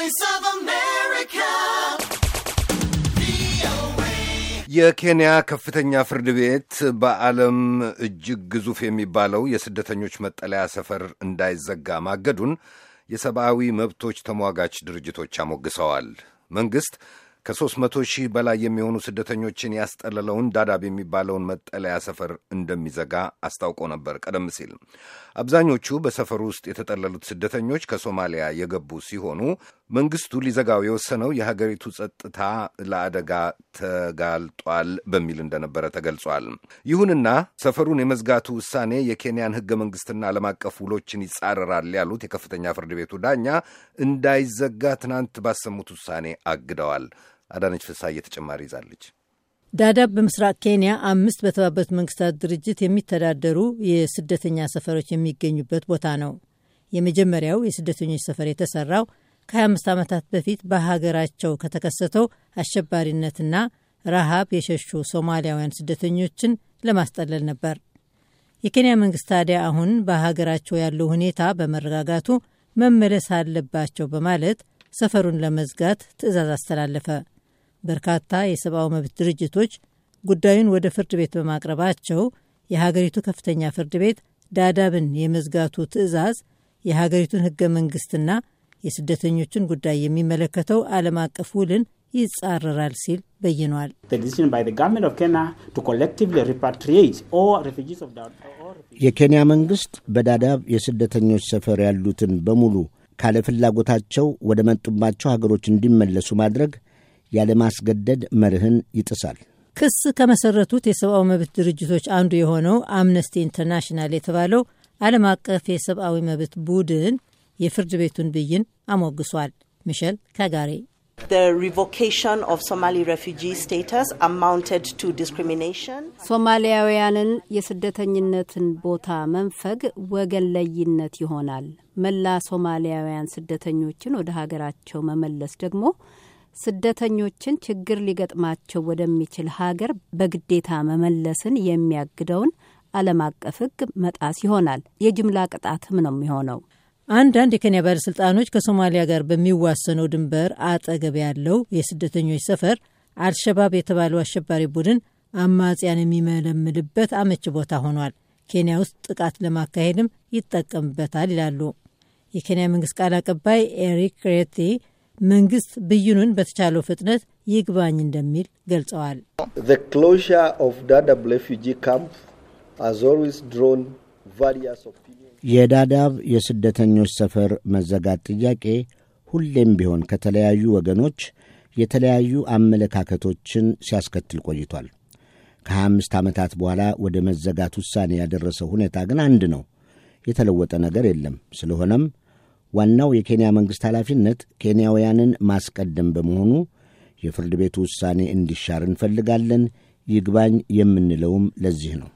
Voice የኬንያ ከፍተኛ ፍርድ ቤት በዓለም እጅግ ግዙፍ የሚባለው የስደተኞች መጠለያ ሰፈር እንዳይዘጋ ማገዱን የሰብአዊ መብቶች ተሟጋች ድርጅቶች አሞግሰዋል። መንግሥት ከሦስት መቶ ሺህ በላይ የሚሆኑ ስደተኞችን ያስጠለለውን ዳዳብ የሚባለውን መጠለያ ሰፈር እንደሚዘጋ አስታውቆ ነበር። ቀደም ሲል አብዛኞቹ በሰፈሩ ውስጥ የተጠለሉት ስደተኞች ከሶማሊያ የገቡ ሲሆኑ መንግስቱ ሊዘጋው የወሰነው የሀገሪቱ ጸጥታ ለአደጋ ተጋልጧል በሚል እንደነበረ ተገልጿል። ይሁንና ሰፈሩን የመዝጋቱ ውሳኔ የኬንያን ህገ መንግስትና ዓለም አቀፍ ውሎችን ይጻረራል ያሉት የከፍተኛ ፍርድ ቤቱ ዳኛ እንዳይዘጋ ትናንት ባሰሙት ውሳኔ አግደዋል። አዳነች ፍሳ ተጨማሪ ይዛለች። ዳዳብ በምስራቅ ኬንያ አምስት በተባበሩት መንግስታት ድርጅት የሚተዳደሩ የስደተኛ ሰፈሮች የሚገኙበት ቦታ ነው። የመጀመሪያው የስደተኞች ሰፈር የተሰራው ከ25 ዓመታት በፊት በሀገራቸው ከተከሰተው አሸባሪነትና ረሃብ የሸሹ ሶማሊያውያን ስደተኞችን ለማስጠለል ነበር። የኬንያ መንግስት ታዲያ አሁን በሀገራቸው ያለው ሁኔታ በመረጋጋቱ መመለስ አለባቸው በማለት ሰፈሩን ለመዝጋት ትዕዛዝ አስተላለፈ። በርካታ የሰብአዊ መብት ድርጅቶች ጉዳዩን ወደ ፍርድ ቤት በማቅረባቸው የሀገሪቱ ከፍተኛ ፍርድ ቤት ዳዳብን የመዝጋቱ ትዕዛዝ የሀገሪቱን ህገ መንግስትና የስደተኞችን ጉዳይ የሚመለከተው ዓለም አቀፍ ውልን ይጻረራል ሲል በይኗል። የኬንያ መንግስት በዳዳብ የስደተኞች ሰፈር ያሉትን በሙሉ ካለፍላጎታቸው ወደ መጡባቸው ሀገሮች እንዲመለሱ ማድረግ ያለማስገደድ መርህን ይጥሳል። ክስ ከመሰረቱት የሰብአዊ መብት ድርጅቶች አንዱ የሆነው አምነስቲ ኢንተርናሽናል የተባለው ዓለም አቀፍ የሰብአዊ መብት ቡድን የፍርድ ቤቱን ብይን አሞግሷል። ሚሸል ካጋሬ ሶማሊያውያንን የስደተኝነትን ቦታ መንፈግ ወገን ለይነት ይሆናል። መላ ሶማሊያውያን ስደተኞችን ወደ ሀገራቸው መመለስ ደግሞ ስደተኞችን ችግር ሊገጥማቸው ወደሚችል ሀገር በግዴታ መመለስን የሚያግደውን ዓለም አቀፍ ሕግ መጣስ ይሆናል። የጅምላ ቅጣትም ነው የሚሆነው። አንዳንድ የኬንያ ባለሥልጣኖች ከሶማሊያ ጋር በሚዋሰነው ድንበር አጠገብ ያለው የስደተኞች ሰፈር አልሸባብ የተባለው አሸባሪ ቡድን አማጽያን የሚመለምልበት አመች ቦታ ሆኗል፣ ኬንያ ውስጥ ጥቃት ለማካሄድም ይጠቀምበታል ይላሉ። የኬንያ መንግሥት ቃል አቀባይ ኤሪክ ሬቲ መንግስት ብይኑን በተቻለው ፍጥነት ይግባኝ እንደሚል ገልጸዋል። የዳዳብ የስደተኞች ሰፈር መዘጋት ጥያቄ ሁሌም ቢሆን ከተለያዩ ወገኖች የተለያዩ አመለካከቶችን ሲያስከትል ቆይቷል ከአምስት ዓመታት በኋላ ወደ መዘጋት ውሳኔ ያደረሰው ሁኔታ ግን አንድ ነው። የተለወጠ ነገር የለም። ስለሆነም ዋናው የኬንያ መንግሥት ኃላፊነት ኬንያውያንን ማስቀደም በመሆኑ የፍርድ ቤቱ ውሳኔ እንዲሻር እንፈልጋለን። ይግባኝ የምንለውም ለዚህ ነው።